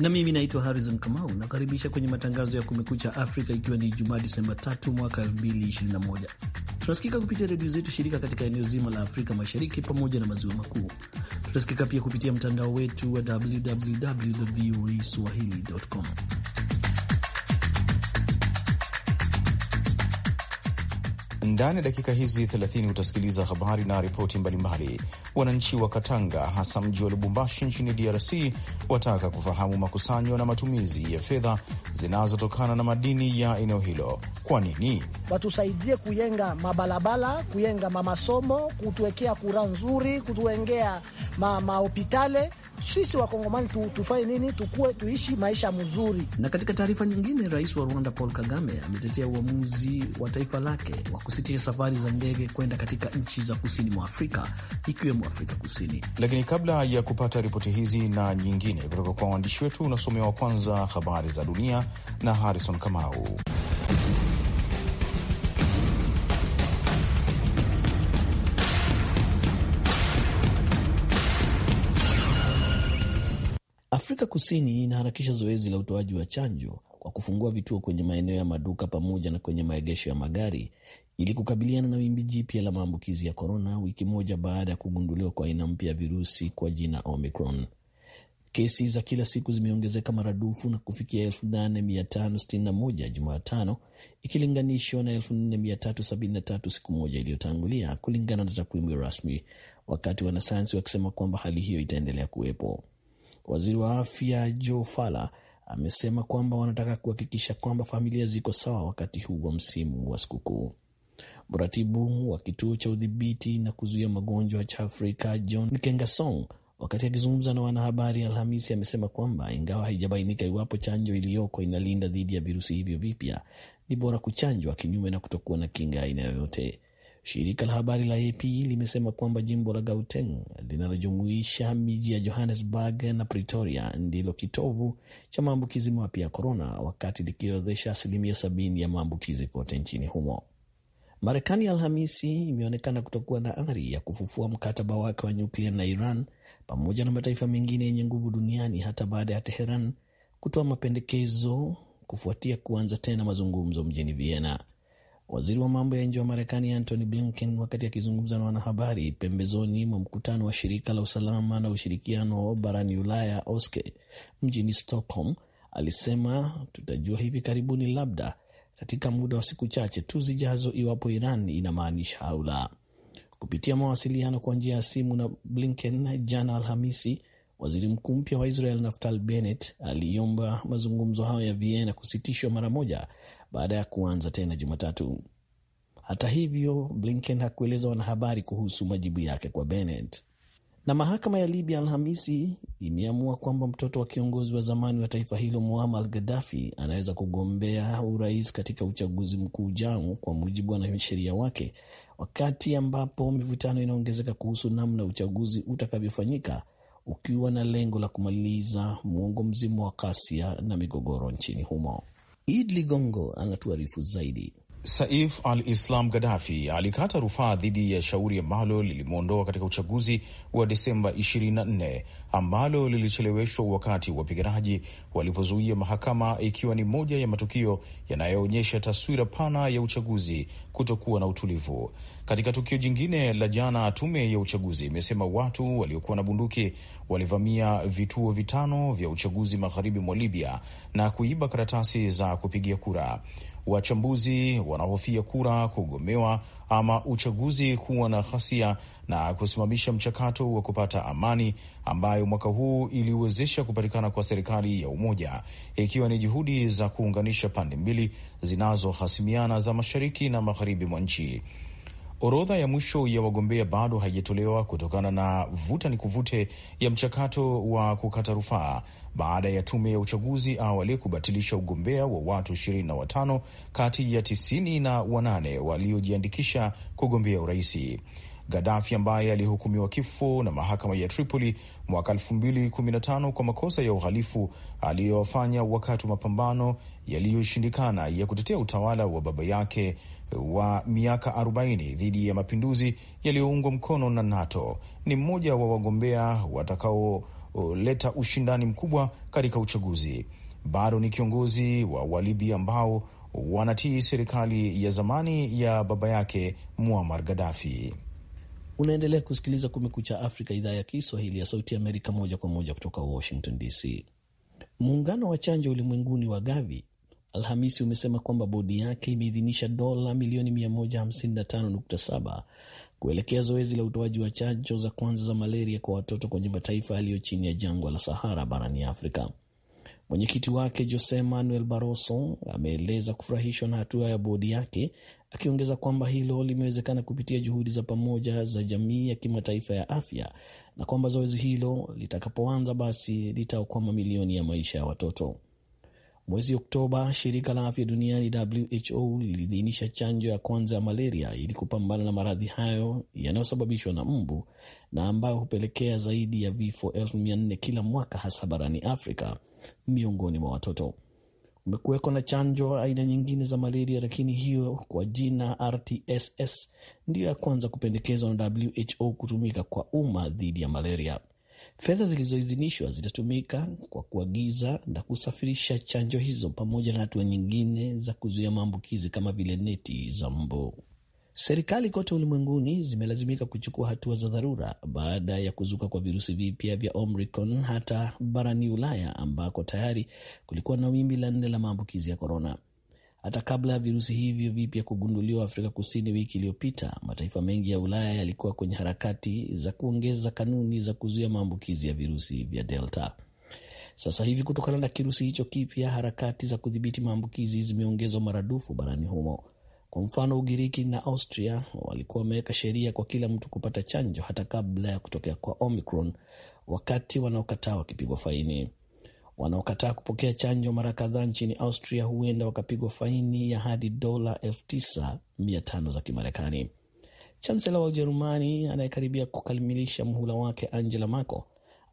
na mimi naitwa Harrison Kamau, nakaribisha kwenye matangazo ya Kumekucha Afrika, ikiwa ni Ijumaa Disemba 3 mwaka 2021. Tunasikika kupitia redio zetu shirika katika eneo zima la Afrika Mashariki pamoja na maziwa makuu. Tunasikika pia kupitia mtandao wetu wa www voa swahili.com. Ndani ya dakika hizi 30 utasikiliza habari na ripoti mbalimbali. Wananchi wa Katanga, hasa mji wa Lubumbashi nchini DRC, wataka kufahamu makusanyo na matumizi ya fedha zinazotokana na madini ya eneo hilo. Kwa nini watusaidie kuyenga mabalabala, kuyenga mamasomo, kutuwekea kura nzuri, kutuengea mahopitale ma sisi Wakongomani tu, tufanye nini? Tukue tuishi maisha mzuri. Na katika taarifa nyingine, rais wa Rwanda Paul Kagame ametetea uamuzi wa taifa lake wa kusitisha safari za ndege kwenda katika nchi za kusini mwa Afrika ikiwemo Afrika Kusini. Lakini kabla ya kupata ripoti hizi na nyingine kutoka kwa waandishi wetu, unasomewa kwanza habari za dunia na Harrison Kamau. Afrika Kusini inaharakisha zoezi la utoaji wa chanjo kwa kufungua vituo kwenye maeneo ya maduka pamoja na kwenye maegesho ya magari ili kukabiliana na wimbi jipya la maambukizi ya korona, wiki moja baada ya kugunduliwa kwa aina mpya ya virusi kwa jina Omicron. Kesi za kila siku zimeongezeka maradufu na kufikia 8561 Jumatano ikilinganishwa na 4373 siku moja iliyotangulia, kulingana na takwimu rasmi, wakati wanasayansi wakisema kwamba hali hiyo itaendelea kuwepo. Waziri wa afya Joe Fala amesema kwamba wanataka kuhakikisha kwamba familia ziko sawa wakati huu wa msimu wa sikukuu. Mratibu wa kituo cha udhibiti na kuzuia magonjwa cha Afrika John Nkengasong Wakati akizungumza na wanahabari Alhamisi, amesema kwamba ingawa haijabainika iwapo chanjo iliyoko inalinda dhidi ya virusi hivyo vipya, ni bora kuchanjwa kinyume na kutokuwa na kinga aina yoyote. Shirika la habari la AP limesema kwamba jimbo la Gauteng linalojumuisha miji ya Johannesburg na Pretoria ndilo kitovu cha maambukizi mapya ya korona, wakati likiorodhesha asilimia sabini ya maambukizi kote nchini humo. Marekani Alhamisi imeonekana kutokuwa na ari ya kufufua mkataba wake wa nyuklia na Iran pamoja na mataifa mengine yenye nguvu duniani hata baada ya Teheran kutoa mapendekezo kufuatia kuanza tena mazungumzo mjini Vienna. Waziri wa mambo ya nje wa Marekani Antony Blinken, wakati akizungumza na wanahabari pembezoni mwa mkutano wa shirika la usalama na ushirikiano barani Ulaya OSCE mjini Stockholm, alisema tutajua hivi karibuni labda katika muda wa siku chache tu zijazo, iwapo Iran inamaanisha au la. Kupitia mawasiliano kwa njia ya simu na Blinken jana Alhamisi, waziri mkuu mpya wa Israel Naftali Bennett aliomba mazungumzo hayo ya Vienna kusitishwa mara moja baada ya kuanza tena Jumatatu. Hata hivyo, Blinken hakueleza wanahabari kuhusu majibu yake kwa Bennett. Na mahakama ya Libya Alhamisi imeamua kwamba mtoto wa kiongozi wa zamani wa taifa hilo Muammar Gaddafi anaweza kugombea urais katika uchaguzi mkuu ujao kwa mujibu wa wanasheria wake, wakati ambapo mivutano inaongezeka kuhusu namna uchaguzi utakavyofanyika ukiwa na lengo la kumaliza muongo mzima wa kasia na migogoro nchini humo. Id Ligongo anatuarifu zaidi. Saif al-Islam Gaddafi alikata rufaa dhidi ya shauri ambalo lilimwondoa katika uchaguzi wa Desemba 24 ambalo lilicheleweshwa wakati wapiganaji walipozuia mahakama, ikiwa ni moja ya matukio yanayoonyesha taswira pana ya uchaguzi kutokuwa na utulivu. Katika tukio jingine la jana, tume ya uchaguzi imesema watu waliokuwa na bunduki walivamia vituo vitano vya uchaguzi magharibi mwa Libya na kuiba karatasi za kupigia kura. Wachambuzi wanahofia kura kugomewa ama uchaguzi kuwa na ghasia na kusimamisha mchakato wa kupata amani ambayo mwaka huu iliwezesha kupatikana kwa serikali ya umoja, ikiwa ni juhudi za kuunganisha pande mbili zinazohasimiana za mashariki na magharibi mwa nchi. Orodha ya mwisho ya wagombea bado haijatolewa kutokana na vuta ni kuvute ya mchakato wa kukata rufaa baada ya tume ya uchaguzi awali kubatilisha ugombea wa watu 25 kati ya 90 na wanane waliojiandikisha kugombea uraisi. Gadafi ambaye alihukumiwa kifo na mahakama ya Tripoli mwaka 215 kwa makosa ya uhalifu aliyofanya wakati wa mapambano yaliyoshindikana ya kutetea utawala wa baba yake wa miaka 40 dhidi ya mapinduzi yaliyoungwa mkono na NATO ni mmoja wa wagombea watakaoleta ushindani mkubwa katika uchaguzi. Bado ni kiongozi wa Walibia ambao wanatii serikali ya zamani ya baba yake Muammar Gaddafi. Unaendelea kusikiliza Kumekucha Afrika, idhaa ya Kiswahili ya Sauti Amerika, moja kwa moja kutoka Washington DC. Muungano wa chanjo ulimwenguni wa Gavi Alhamisi umesema kwamba bodi yake imeidhinisha dola milioni 155.7 kuelekea zoezi la utoaji wa chanjo za kwanza za malaria kwa watoto kwenye mataifa yaliyo chini ya jangwa la Sahara barani Afrika. Mwenyekiti wake Jose Manuel Barroso ameeleza kufurahishwa na hatua ya bodi yake, akiongeza kwamba hilo limewezekana kupitia juhudi za pamoja za jamii ya kimataifa ya afya na kwamba zoezi hilo litakapoanza, basi litaokoa mamilioni ya maisha ya watoto. Mwezi Oktoba, shirika la afya duniani WHO liliidhinisha chanjo ya kwanza ya malaria ili kupambana na maradhi hayo yanayosababishwa na mbu na ambayo hupelekea zaidi ya vifo elfu mia nne kila mwaka hasa barani Afrika miongoni mwa watoto. Kumekuweko na chanjo aina nyingine za malaria, lakini hiyo kwa jina RTSS ndiyo ya kwanza kupendekezwa na WHO kutumika kwa umma dhidi ya malaria. Fedha zilizoidhinishwa zitatumika kwa kuagiza na kusafirisha chanjo hizo pamoja na hatua nyingine za kuzuia maambukizi kama vile neti za mbu. Serikali kote ulimwenguni zimelazimika kuchukua hatua za dharura baada ya kuzuka kwa virusi vipya vya Omicron, hata barani Ulaya ambako tayari kulikuwa na wimbi la nne la maambukizi ya korona. Hata kabla ya virusi hivyo vipya kugunduliwa Afrika Kusini wiki iliyopita, mataifa mengi ya Ulaya yalikuwa kwenye harakati za kuongeza kanuni za kuzuia maambukizi ya virusi vya Delta. Sasa hivi kutokana na kirusi hicho kipya, harakati za kudhibiti maambukizi zimeongezwa maradufu barani humo. Kwa mfano, Ugiriki na Austria walikuwa wameweka sheria kwa kila mtu kupata chanjo hata kabla ya kutokea kwa Omicron, wakati wanaokataa wakipigwa faini. Wanaokataa kupokea chanjo mara kadhaa nchini Austria huenda wakapigwa faini ya hadi dola 9500 za Kimarekani. Chansela wa Ujerumani anayekaribia kukamilisha mhula wake Angela Merkel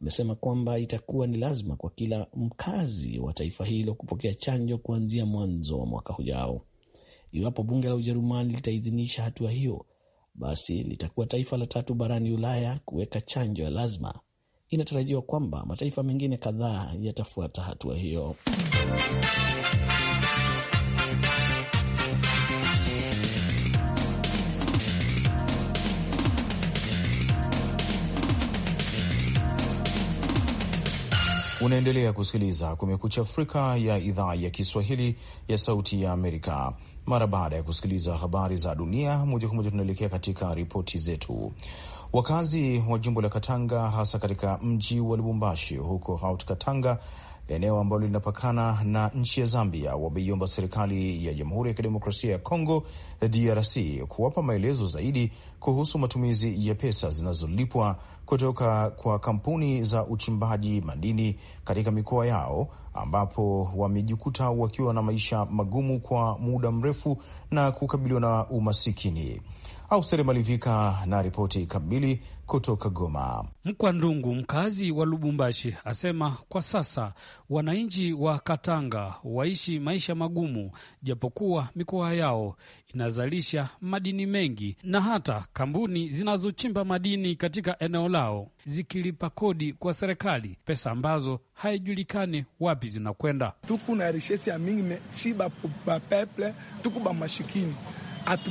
amesema kwamba itakuwa ni lazima kwa kila mkazi wa taifa hilo kupokea chanjo kuanzia mwanzo wa mwaka ujao. Iwapo bunge la Ujerumani litaidhinisha hatua hiyo, basi litakuwa taifa la tatu barani Ulaya kuweka chanjo ya lazima inatarajiwa kwamba mataifa mengine kadhaa yatafuata hatua hiyo. Unaendelea kusikiliza Kumekucha Afrika ya idhaa ya Kiswahili ya Sauti ya Amerika. Mara baada ya kusikiliza habari za dunia moja kwa moja, tunaelekea katika ripoti zetu. Wakazi wa jimbo la Katanga, hasa katika mji wa Lubumbashi huko Haut Katanga eneo ambalo linapakana na nchi ya Zambia wameiomba serikali ya Jamhuri ya Kidemokrasia ya Kongo DRC kuwapa maelezo zaidi kuhusu matumizi ya pesa zinazolipwa kutoka kwa kampuni za uchimbaji madini katika mikoa yao ambapo wamejikuta wakiwa na maisha magumu kwa muda mrefu na kukabiliwa na umasikini. Auseri Malivika na ripoti kamili kutoka Goma. mkwa ndungu mkazi wa Lubumbashi asema kwa sasa wananchi wa Katanga waishi maisha magumu, japokuwa mikoa yao inazalisha madini mengi na hata kampuni zinazochimba madini katika eneo lao zikilipa kodi kwa serikali, pesa ambazo haijulikani wapi zinakwenda. tuku na rishesi ya mingi mechiba bapeple tuku bamashikini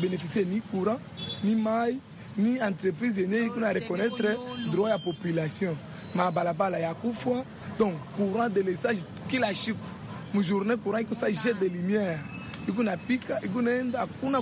bénéficier, ni courant ni maille, ni entreprise yenyewe à reconnaître droit la population, beaucoup ya fois, donc courant de la kila mon journée courant que ça jette de lumières. ikunapika ikunaenda, hakuna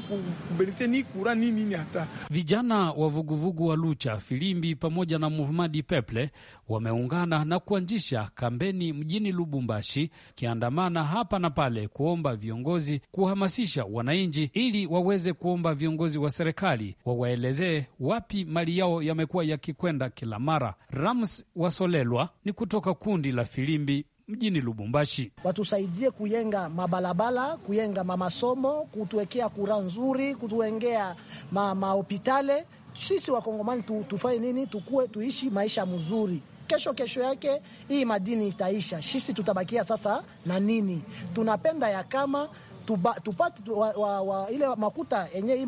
ni kura ni nini. Hata vijana wa vuguvugu wa Lucha Filimbi pamoja na Muhamadi Peple wameungana na kuanzisha kampeni mjini Lubumbashi, kiandamana hapa na pale kuomba viongozi kuhamasisha wananchi ili waweze kuomba viongozi wa serikali wawaelezee wapi mali yao yamekuwa yakikwenda kila mara. Rams Wasolelwa ni kutoka kundi la Filimbi mjini Lubumbashi. Watusaidie kuyenga mabalabala, kuyenga mamasomo, kutuwekea kura nzuri, kutuengea mahopitale. Sisi wakongomani tu, tufanye nini? Tukue tuishi maisha mzuri Kesho kesho yake hii madini itaisha, sisi tutabakia sasa na nini? Tunapenda ya kama tupate ile makuta yenye hii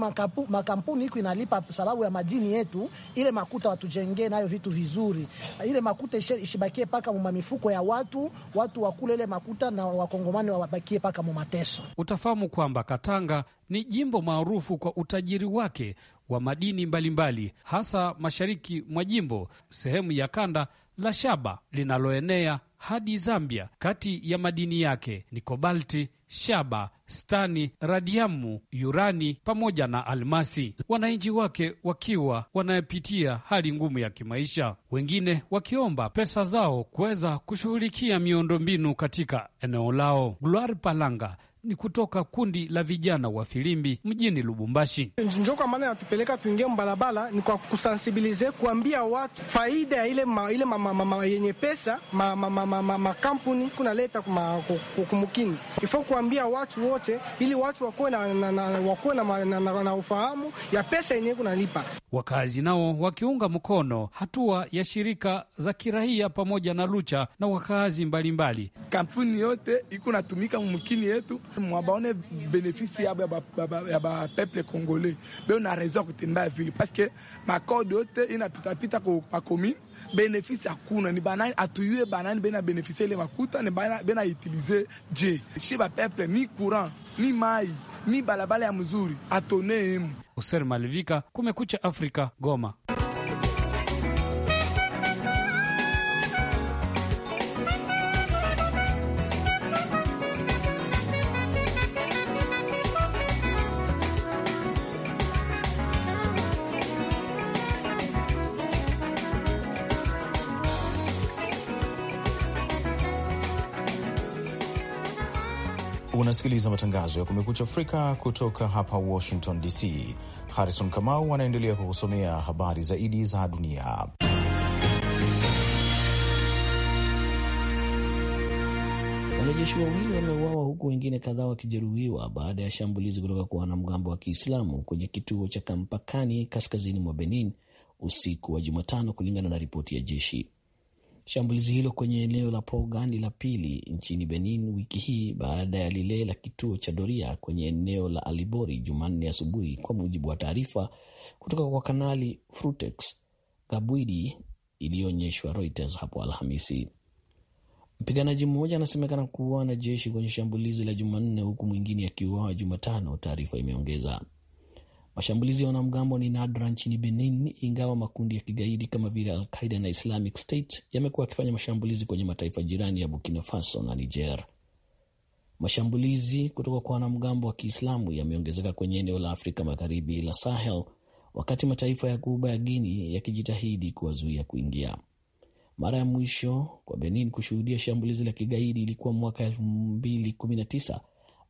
makampuni iko inalipa sababu ya madini yetu, ile makuta watujengee nayo vitu vizuri, ile makuta ishibakie paka mifuko ya watu, watu wakule ile makuta na wakongomani wabakie paka mateso Utafahamu kwamba Katanga ni jimbo maarufu kwa utajiri wake wa madini mbalimbali mbali, hasa mashariki mwa jimbo, sehemu ya kanda la shaba linaloenea hadi Zambia. Kati ya madini yake ni kobalti, shaba stani, radiamu, yurani pamoja na almasi, wananchi wake wakiwa wanayepitia hali ngumu ya kimaisha, wengine wakiomba pesa zao kuweza kushughulikia miundombinu katika eneo lao. Gloire Palanga ni kutoka kundi la vijana wa filimbi mjini Lubumbashi. Njo kwa maana yatupeleka tuingie mbalabala ni kwa kusansibilize, kuambia watu faida ya ile, ma, ile mama, mama, ma, yenye pesa makampuni ma, ma, ma, ma, ma kunaleta kumukini ifo kuambia watu wote, ili watu wakuwe na, na, na, na, na, na, na ufahamu ya pesa yenyewe kunalipa. Wakazi nao wakiunga mkono hatua ya shirika za kirahia pamoja na Lucha na wakazi mbalimbali mbali. Kampuni yote iko natumika mumkini yetu mwabaone benefisi yabo ya bapeple congolais be na raison ya kutembea vile parceke makode yote inapitapita kumakomine benefisi hakuna, ni banani atuyue banani bena benefisi ile makuta ni bena utilize je shi bapeple ni courant ni mai ni balabala ya mzuri atone emu. Oser Malivika, Kumekucha Afrika, Goma. Unasikiliza matangazo ya Kumekucha Afrika kutoka hapa Washington DC. Harrison Kamau anaendelea kukusomea habari zaidi za dunia. Wanajeshi wawili wameuawa huku wengine kadhaa wakijeruhiwa baada ya shambulizi kutoka kwa wanamgambo wa Kiislamu kwenye kituo cha kampakani kaskazini mwa Benin usiku wa Jumatano, kulingana na ripoti ya jeshi. Shambulizi hilo kwenye eneo la Pogani la pili nchini Benin wiki hii baada ya lile la kituo cha doria kwenye eneo la Alibori Jumanne asubuhi, kwa mujibu wa taarifa kutoka kwa kanali Frutex Gabwidi iliyoonyeshwa Reuters hapo Alhamisi. Mpiganaji mmoja anasemekana kuuawa na jeshi kwenye shambulizi la Jumanne, huku mwingine akiuawa Jumatano, taarifa imeongeza. Mashambulizi ya wanamgambo ni nadra nchini Benin, ingawa makundi ya kigaidi kama vile Al-Qaida na Islamic State yamekuwa yakifanya mashambulizi kwenye mataifa jirani ya Burkina Faso na Niger. Mashambulizi kutoka kwa wanamgambo wa Kiislamu yameongezeka kwenye eneo la Afrika Magharibi la Sahel, wakati mataifa ya Ghuba ya guini yakijitahidi kuwazuia kuingia. Mara ya mwisho kwa Benin kushuhudia shambulizi la kigaidi ilikuwa mwaka 2019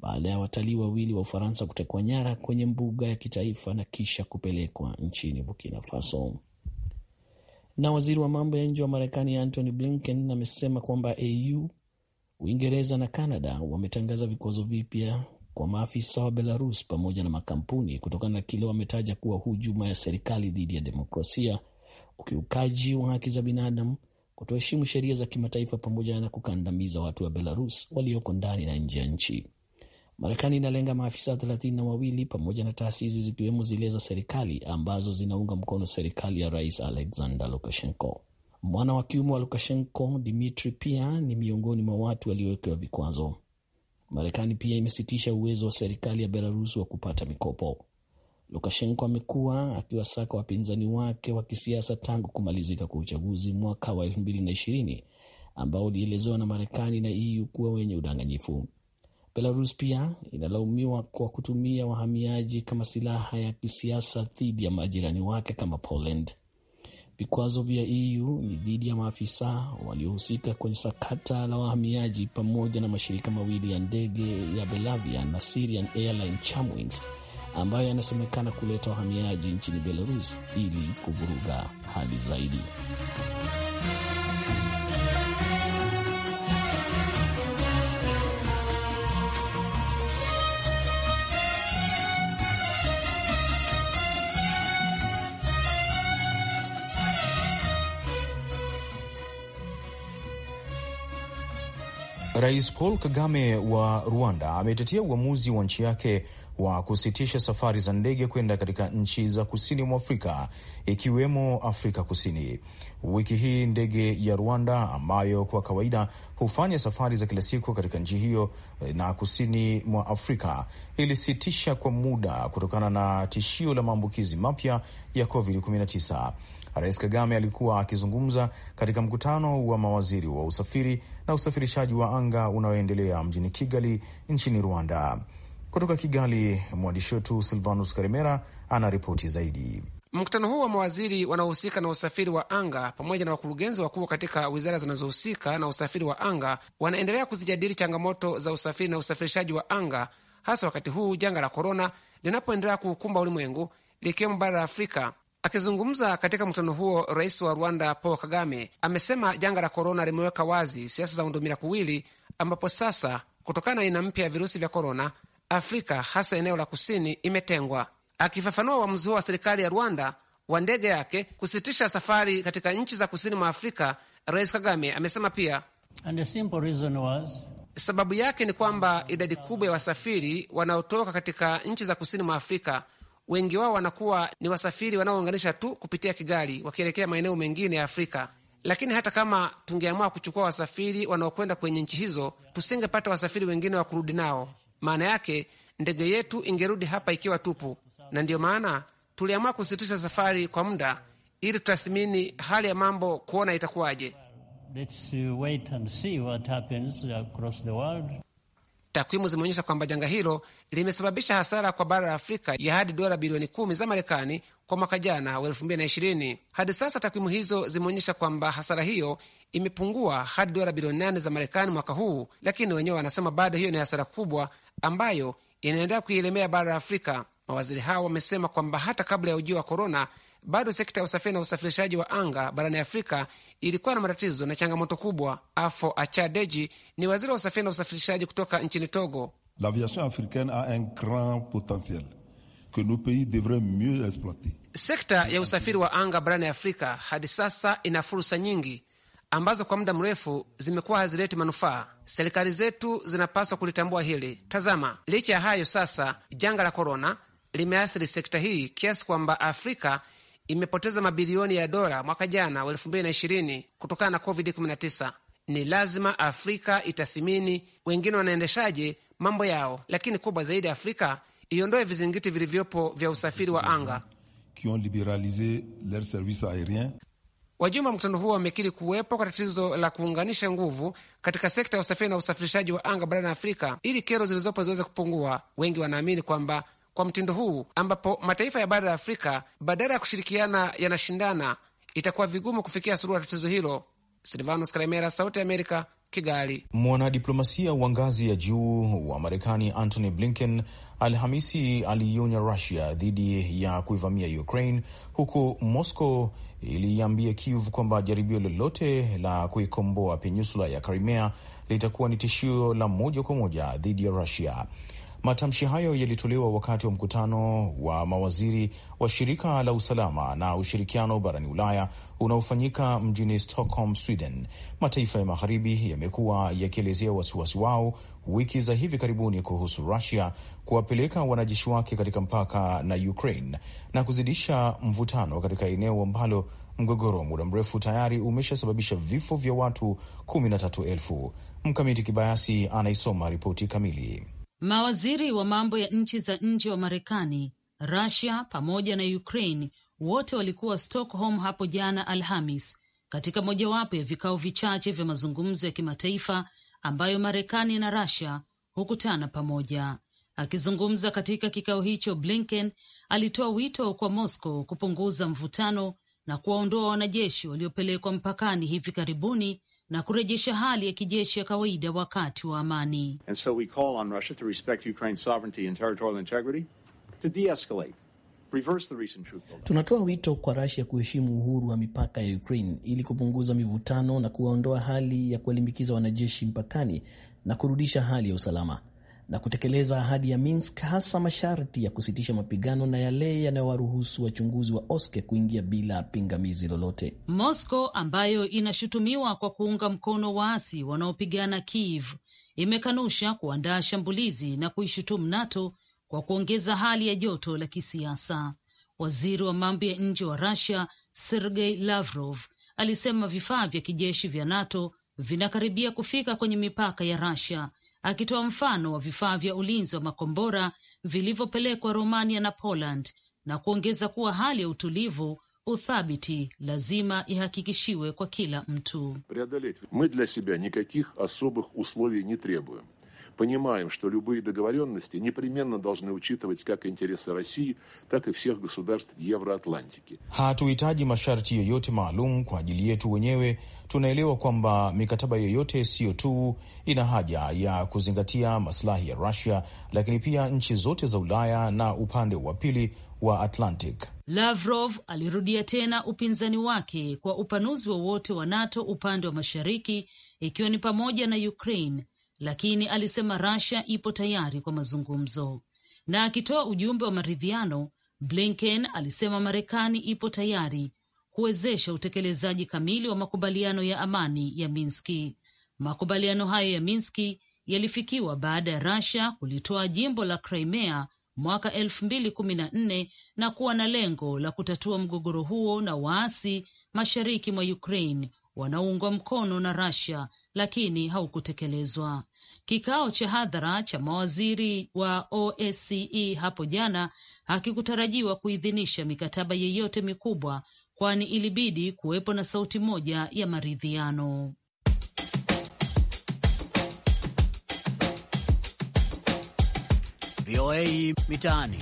baada ya watalii wawili wa Ufaransa kutekwa nyara kwenye mbuga ya kitaifa na kisha kupelekwa nchini Burkina Faso. Na waziri wa mambo ya nje wa Marekani Antony Blinken amesema kwamba au Uingereza na Canada wametangaza vikwazo vipya kwa maafisa wa Belarus pamoja na makampuni kutokana na kile wametaja kuwa hujuma ya serikali dhidi ya demokrasia, ukiukaji wa haki za binadamu, kutoheshimu sheria za kimataifa pamoja na kukandamiza watu wa Belarus walioko ndani na nje ya nchi. Marekani inalenga maafisa thelathini na wawili pamoja na taasisi zikiwemo zile za serikali ambazo zinaunga mkono serikali ya Rais Alexander Lukashenko. Mwana wa kiume wa Lukashenko, Dmitri, pia ni miongoni mwa watu waliowekewa vikwazo. Marekani pia imesitisha uwezo wa serikali ya Belarus wa kupata mikopo. Lukashenko amekuwa akiwasaka wapinzani wake wa kisiasa tangu kumalizika kwa uchaguzi mwaka wa 2020 ambao ulielezewa na Marekani na EU kuwa wenye udanganyifu. Belarus pia inalaumiwa kwa kutumia wahamiaji kama silaha ya kisiasa dhidi ya majirani wake kama Poland. Vikwazo vya EU ni dhidi ya maafisa waliohusika kwenye sakata la wahamiaji pamoja na mashirika mawili ya ndege ya Belavia na Syrian Airline Chamwings ambayo yanasemekana kuleta wahamiaji nchini Belarus ili kuvuruga hali zaidi. Rais Paul Kagame wa Rwanda ametetea uamuzi wa nchi yake wa kusitisha safari za ndege kwenda katika nchi za kusini mwa Afrika ikiwemo Afrika Kusini. Wiki hii ndege ya Rwanda ambayo kwa kawaida hufanya safari za kila siku katika nchi hiyo eh, na kusini mwa Afrika ilisitisha kwa muda kutokana na tishio la maambukizi mapya ya COVID-19. Rais Kagame alikuwa akizungumza katika mkutano wa mawaziri wa usafiri na usafirishaji wa anga unaoendelea mjini Kigali nchini Rwanda. Kutoka Kigali, mwandishi wetu Silvanus Karimera ana ripoti zaidi. Mkutano huu wa mawaziri wanaohusika na usafiri wa anga pamoja na wakurugenzi wakuu katika wizara zinazohusika na usafiri wa anga wanaendelea kuzijadili changamoto za usafiri na usafirishaji wa anga, hasa wakati huu janga la korona linapoendelea kuukumba ulimwengu likiwemo bara la Afrika. Akizungumza katika mkutano huo, rais wa Rwanda Paul Kagame amesema janga la korona limeweka wazi siasa za undumila kuwili, ambapo sasa kutokana na aina mpya ya virusi vya korona, Afrika hasa eneo la kusini imetengwa. Akifafanua uamuzi huo wa serikali ya Rwanda wa ndege yake kusitisha safari katika nchi za kusini mwa Afrika, rais Kagame amesema pia was... sababu yake ni kwamba idadi kubwa ya wasafiri wanaotoka katika nchi za kusini mwa Afrika wengi wao wanakuwa ni wasafiri wanaounganisha tu kupitia Kigali wakielekea maeneo mengine ya Afrika. Lakini hata kama tungeamua kuchukua wasafiri wanaokwenda kwenye nchi hizo, tusingepata wasafiri wengine wa kurudi nao. Maana yake ndege yetu ingerudi hapa ikiwa tupu, na ndiyo maana tuliamua kusitisha safari kwa muda ili tutathimini hali ya mambo kuona itakuwaje. Takwimu zimeonyesha kwamba janga hilo limesababisha hasara kwa bara la Afrika ya hadi dola bilioni kumi za Marekani kwa mwaka jana wa elfu mbili na ishirini. Hadi sasa takwimu hizo zimeonyesha kwamba hasara hiyo imepungua hadi dola bilioni nane za Marekani mwaka huu, lakini wenyewe wanasema bado hiyo ni hasara kubwa ambayo inaendelea kuielemea bara la Afrika. Mawaziri hao wamesema kwamba hata kabla ya ujio wa korona bado sekta ya usafiri na usafirishaji wa anga barani Afrika ilikuwa na matatizo na changamoto kubwa. Afo Achadeji ni waziri wa usafiri na usafirishaji kutoka nchini Togo. L'aviation africaine a un grand potentiel que nos pays devraient mieux exploiter. Sekta ya usafiri wa anga barani Afrika hadi sasa ina fursa nyingi ambazo kwa muda mrefu zimekuwa hazileti manufaa. Serikali zetu zinapaswa kulitambua hili. Tazama, licha ya hayo, sasa janga la korona limeathiri sekta hii kiasi kwamba Afrika imepoteza mabilioni ya dola mwaka jana wa 2020 kutokana na COVID-19. Ni lazima Afrika itathimini wengine wanaendeshaje mambo yao, lakini kubwa zaidi, Afrika iondoe vizingiti vilivyopo vya usafiri wa anga. Wajumbe wa mkutano huo wamekiri kuwepo kwa tatizo la kuunganisha nguvu katika sekta ya usafiri na usafirishaji wa anga barani Afrika ili kero zilizopo ziweze kupungua. Wengi wanaamini kwamba kwa mtindo huu ambapo mataifa ya bara la Afrika badala ya kushirikiana yanashindana, itakuwa vigumu kufikia suluhu ya tatizo hilo. Silvanus Kalemera, Sauti ya Amerika, Kigali. Mwanadiplomasia wa ngazi ya juu wa Marekani Antony Blinken Alhamisi aliionya Rusia dhidi ya kuivamia Ukraine, huku Moscow iliambia Kiev kwamba jaribio lolote la kuikomboa peninsula ya Crimea litakuwa ni tishio la moja kwa moja dhidi ya Rusia. Matamshi hayo yalitolewa wakati wa mkutano wa mawaziri wa shirika la usalama na ushirikiano barani Ulaya unaofanyika mjini Stockholm, Sweden. Mataifa ya magharibi yamekuwa yakielezea wasiwasi wao wiki za hivi karibuni kuhusu Rusia kuwapeleka wanajeshi wake katika mpaka na Ukraine na kuzidisha mvutano katika eneo ambalo mgogoro wa muda mrefu tayari umeshasababisha vifo vya watu elfu kumi na tatu. Mkamiti Kibayasi anaisoma ripoti kamili. Mawaziri wa mambo ya nchi za nje wa Marekani, rasia pamoja na Ukraine wote walikuwa Stockholm hapo jana Alhamis katika mojawapo ya vikao vichache vya mazungumzo ya kimataifa ambayo Marekani na rasia hukutana pamoja. Akizungumza katika kikao hicho, Blinken alitoa wito kwa Moscow kupunguza mvutano na kuwaondoa wanajeshi waliopelekwa mpakani hivi karibuni na kurejesha hali ya kijeshi ya kawaida wakati wa amani. Tunatoa wito kwa Russia kuheshimu uhuru wa mipaka ya Ukraine ili kupunguza mivutano na kuwaondoa hali ya kuwalimbikiza wanajeshi mpakani na kurudisha hali ya usalama na kutekeleza ahadi ya Minsk, hasa masharti ya kusitisha mapigano na yale yanayowaruhusu wachunguzi wa OSKE kuingia bila pingamizi lolote. Moscow ambayo inashutumiwa kwa kuunga mkono waasi wanaopigana Kiev imekanusha kuandaa shambulizi na kuishutumu NATO kwa kuongeza hali ya joto la kisiasa. Waziri wa mambo ya nje wa Rusia Sergei Lavrov alisema vifaa vya kijeshi vya NATO vinakaribia kufika kwenye mipaka ya rasia akitoa mfano wa vifaa vya ulinzi wa makombora vilivyopelekwa Romania na Poland na kuongeza kuwa hali ya utulivu uthabiti lazima ihakikishiwe kwa kila mtu понимаем, что любые договоренности непременно должны учитывать как интересы России, так и всех государств Евроатлантики. Hatuhitaji masharti yoyote maalum kwa ajili yetu wenyewe. Tunaelewa kwamba mikataba yoyote siyo tu ina haja ya kuzingatia masilahi ya russia lakini pia nchi zote za Ulaya na upande wa pili wa Atlantic. Lavrov alirudia tena upinzani wake kwa upanuzi wowote wa, wa NATO upande wa mashariki ikiwa ni pamoja na Ukraine lakini alisema Russia ipo tayari kwa mazungumzo. Na akitoa ujumbe wa maridhiano, Blinken alisema Marekani ipo tayari kuwezesha utekelezaji kamili wa makubaliano ya amani ya Minski. Makubaliano hayo ya Minski yalifikiwa baada ya Russia kulitoa jimbo la Crimea mwaka elfu mbili kumi na nne na kuwa na lengo la kutatua mgogoro huo na waasi mashariki mwa Ukraine wanaoungwa mkono na Russia, lakini haukutekelezwa. Kikao cha hadhara cha mawaziri wa OSCE hapo jana hakikutarajiwa kuidhinisha mikataba yeyote mikubwa, kwani ilibidi kuwepo na sauti moja ya maridhiano. VOA Mitaani.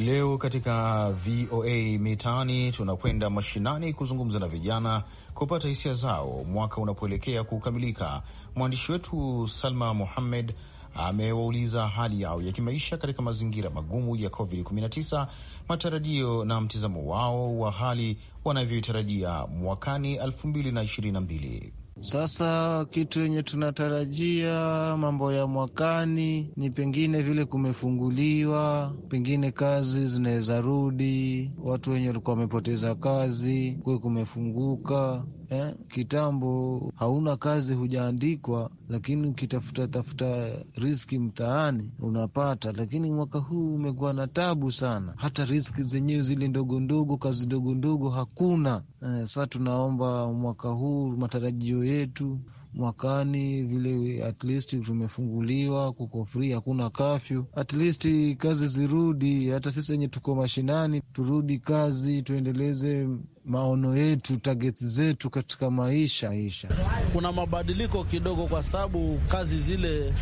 Leo katika VOA Mitaani tunakwenda mashinani kuzungumza na vijana kupata hisia zao mwaka unapoelekea kukamilika. Mwandishi wetu Salma Muhammed amewauliza hali yao ya kimaisha katika mazingira magumu ya COVID-19, matarajio na mtizamo wao wa hali wanavyoitarajia mwakani 2022. Sasa kitu yenye tunatarajia mambo ya mwakani ni pengine vile kumefunguliwa, pengine kazi zinaweza rudi, watu wenye walikuwa wamepoteza kazi kuwe kumefunguka eh, kitambo hauna kazi hujaandikwa, lakini ukitafuta tafuta riski mtaani unapata, lakini mwaka huu umekuwa na tabu sana, hata riski zenyewe zile ndogo ndogo, kazi ndogo ndogo hakuna. Eh, sa tunaomba mwaka huu matarajio yetu mwakani vile at least tumefunguliwa, kuko free, hakuna kafyu, at least kazi zirudi, hata sisi wenye tuko mashinani turudi kazi, tuendeleze maono yetu, tageti zetu katika maisha isha. Kuna mabadiliko kidogo, kwa sababu kazi zile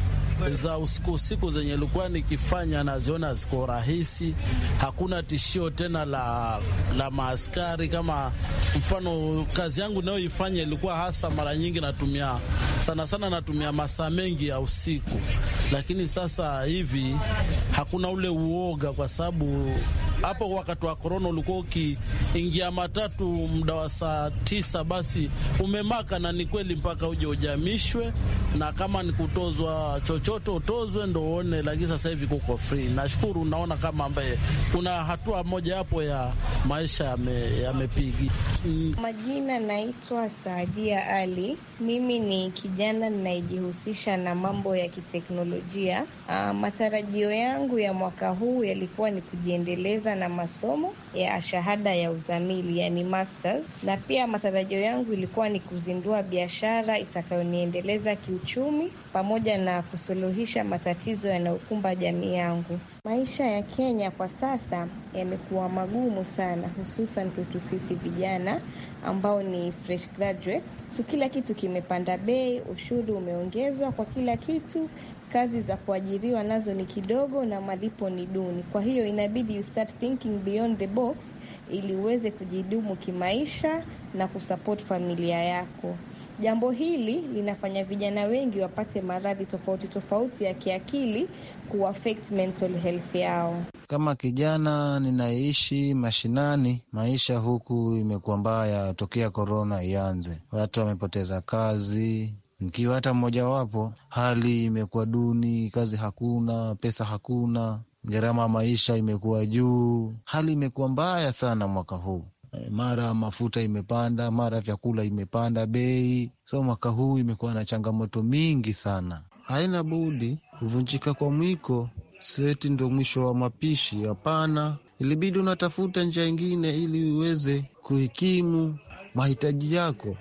za usiku usiku zenye ilikuwa nikifanya naziona ziko rahisi. Hakuna tishio tena la, la maaskari. Kama mfano kazi yangu nayoifanya ilikuwa hasa mara nyingi natumia sana sana, natumia masaa mengi ya usiku, lakini sasa hivi hakuna ule uoga, kwa sababu hapo wakati wa korona ulikuwa ukiingia matatu muda wa saa tisa, basi umemaka, na ni kweli mpaka uje ujamishwe, na kama ni kutozwa chochote utozwe ndo uone, lakini sasa hivi kuko free. Nashukuru, naona kama ambaye kuna hatua moja hapo ya maisha yamepiga. ya majina, naitwa Saadia Ali. Mimi ni kijana ninayejihusisha na mambo ya kiteknolojia. Ah, matarajio yangu ya mwaka huu yalikuwa ni kujiendeleza kuendeleza na masomo ya shahada ya uzamili yani masters, na pia matarajio yangu ilikuwa ni kuzindua biashara itakayoniendeleza kiuchumi pamoja na kusuluhisha matatizo yanayokumba jamii yangu. Maisha ya Kenya kwa sasa yamekuwa magumu sana, hususan kwetu sisi vijana ambao ni fresh graduates. So, kila kitu kimepanda bei, ushuru umeongezwa kwa kila kitu, kazi za kuajiriwa nazo ni kidogo na malipo ni duni. Kwa hiyo inabidi you start thinking beyond the box ili uweze kujidumu kimaisha na kusupport familia yako. Jambo hili linafanya vijana wengi wapate maradhi tofauti tofauti ya kiakili kuaffect mental health yao. Kama kijana ninaishi mashinani, maisha huku imekuwa mbaya tokea korona ianze, watu wamepoteza kazi nkiwa hata mmojawapo, hali imekuwa duni, kazi hakuna, pesa hakuna, gharama ya maisha imekuwa juu, hali imekuwa mbaya sana mwaka huu. Eh, mara mafuta imepanda, mara vyakula imepanda bei. So mwaka huu imekuwa na changamoto mingi sana, haina budi kuvunjika kwa mwiko. Seti ndo mwisho wa mapishi? Hapana, ilibidi unatafuta njia ingine ili uweze kuhikimu mahitaji yako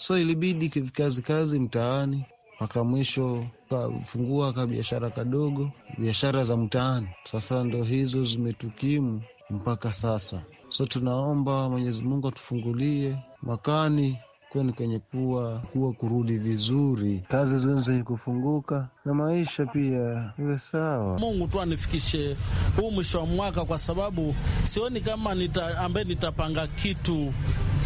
so ilibidi kivikazi kazi mtaani mpaka mwisho kafungua ka biashara kadogo, biashara za mtaani. Sasa ndo hizo zimetukimu mpaka sasa. So tunaomba Mwenyezi Mungu atufungulie mwakani kwani kwenye kuwa kuwa kurudi vizuri, kazi ziwenu zenye kufunguka na maisha pia iwe sawa. Mungu tu anifikishe huu mwisho wa mwaka, kwa sababu sioni kama nita, ambaye nitapanga kitu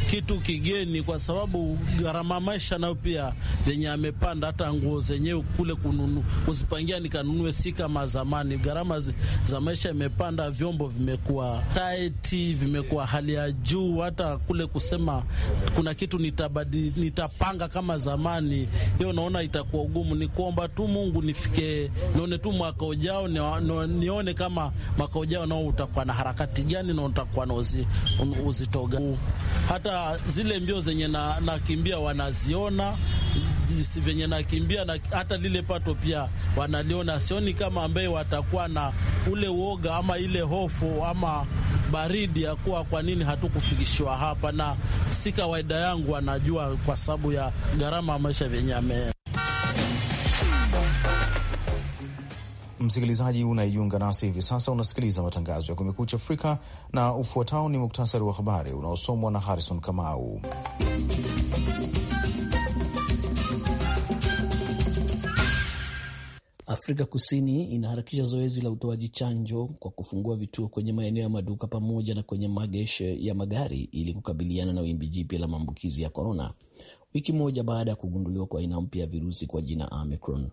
kitu kigeni, kwa sababu gharama maisha nayo pia yenye amepanda. Hata nguo zenyewe kule kununu, kuzipangia nikanunue, si kama zamani. Gharama za maisha imepanda, vyombo vimekuwa taiti, vimekuwa hali ya juu. Hata kule kusema kuna kitu nitabadi, nitapanga kama zamani, hiyo naona itakuwa ugumu. Ni kuomba tu Mungu nifike nione tu mwaka ujao, nione kama mwaka ujao nao utakuwa na harakati gani na utakuwa na uzitoga hata hata zile mbio zenye nakimbia na wanaziona jinsi venye nakimbia na hata lile pato pia wanaliona. Sioni kama ambaye watakuwa na ule uoga ama ile hofu ama baridi ya kuwa kwa nini hatukufikishiwa hapa, na si kawaida yangu, wanajua kwa sababu ya gharama ya maisha venye amee Msikilizaji unayejiunga nasi hivi sasa, unasikiliza matangazo ya Kumekucha Afrika na ufuatao ni muktasari wa habari unaosomwa na Harrison Kamau. Afrika Kusini inaharakisha zoezi la utoaji chanjo kwa kufungua vituo kwenye maeneo ya maduka pamoja na kwenye maegesho ya magari ili kukabiliana na wimbi jipya la maambukizi ya korona, wiki moja baada ya kugunduliwa kwa aina mpya ya virusi kwa jina Omicron.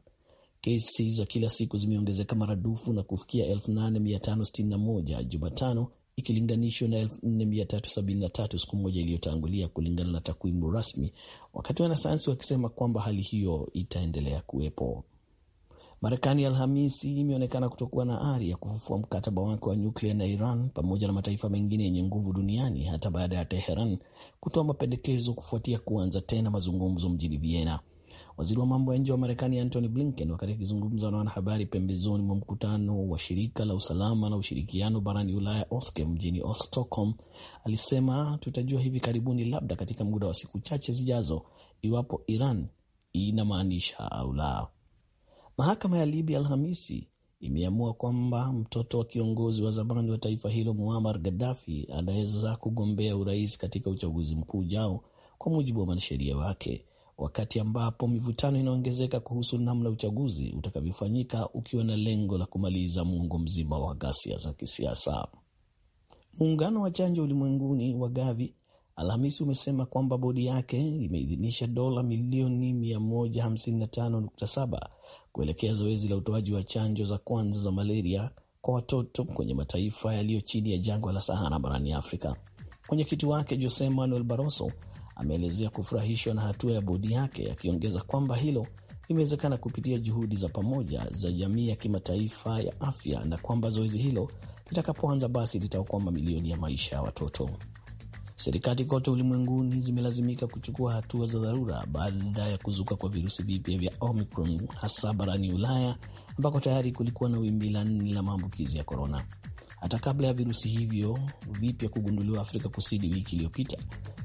Kesi za kila siku zimeongezeka maradufu na kufikia 8561 Jumatano ikilinganishwa na 4373 siku moja iliyotangulia, kulingana na takwimu rasmi, wakati wanasayansi wakisema kwamba hali hiyo itaendelea kuwepo. Marekani Alhamisi imeonekana kutokuwa na ari ya kufufua mkataba wake wa nyuklia na Iran pamoja na mataifa mengine yenye nguvu duniani hata baada ya Teheran kutoa mapendekezo kufuatia kuanza tena mazungumzo mjini Vienna. Waziri wa mambo ya nje wa Marekani Antony Blinken, wakati akizungumza na wanahabari pembezoni mwa mkutano wa shirika la usalama na ushirikiano barani Ulaya OSCE mjini Stockholm, alisema tutajua hivi karibuni, labda katika muda wa siku chache zijazo, iwapo Iran inamaanisha au la. Mahakama ya Libya Alhamisi imeamua kwamba mtoto wa kiongozi wa zamani wa taifa hilo Muammar Gaddafi anaweza kugombea urais katika uchaguzi mkuu ujao, kwa mujibu wa mwanasheria wake wakati ambapo mivutano inaongezeka kuhusu namna uchaguzi utakavyofanyika ukiwa na lengo la kumaliza muongo mzima wa ghasia za kisiasa. Muungano wa chanjo ulimwenguni wa Gavi Alhamisi umesema kwamba bodi yake imeidhinisha dola milioni 155.7 kuelekea zoezi la utoaji wa chanjo za kwanza za malaria kwa watoto kwenye mataifa yaliyo chini ya jangwa la Sahara barani Afrika. Mwenyekiti wake Jose Manuel Barroso ameelezea kufurahishwa na hatua ya bodi yake, akiongeza kwamba hilo imewezekana kupitia juhudi za pamoja za jamii ya kimataifa ya afya na kwamba zoezi hilo litakapoanza basi litaokoa mamilioni ya maisha ya watoto. Serikali kote ulimwenguni zimelazimika kuchukua hatua za dharura baada ya kuzuka kwa virusi vipya vya Omicron, hasa barani Ulaya ambako tayari kulikuwa na wimbi la nne la maambukizi ya korona hata kabla ya virusi hivyo vipya kugunduliwa Afrika Kusini wiki iliyopita.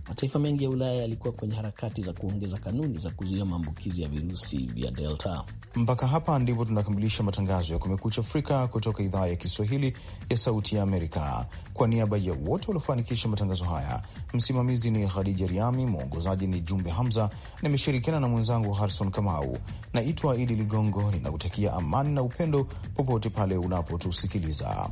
Mataifa mengi ya Ulaya yalikuwa kwenye harakati za kuongeza kanuni za kuzuia maambukizi ya virusi vya Delta. Mpaka hapa ndipo tunakamilisha matangazo ya Kumekucha Afrika kutoka idhaa ya Kiswahili ya Sauti ya Amerika. Kwa niaba ya wote waliofanikisha matangazo haya, msimamizi ni Khadija Riami, mwongozaji ni Jumbe Hamza. Nimeshirikiana na mwenzangu Harison Kamau. Naitwa Idi Ligongo, ninakutakia amani na upendo popote pale unapotusikiliza.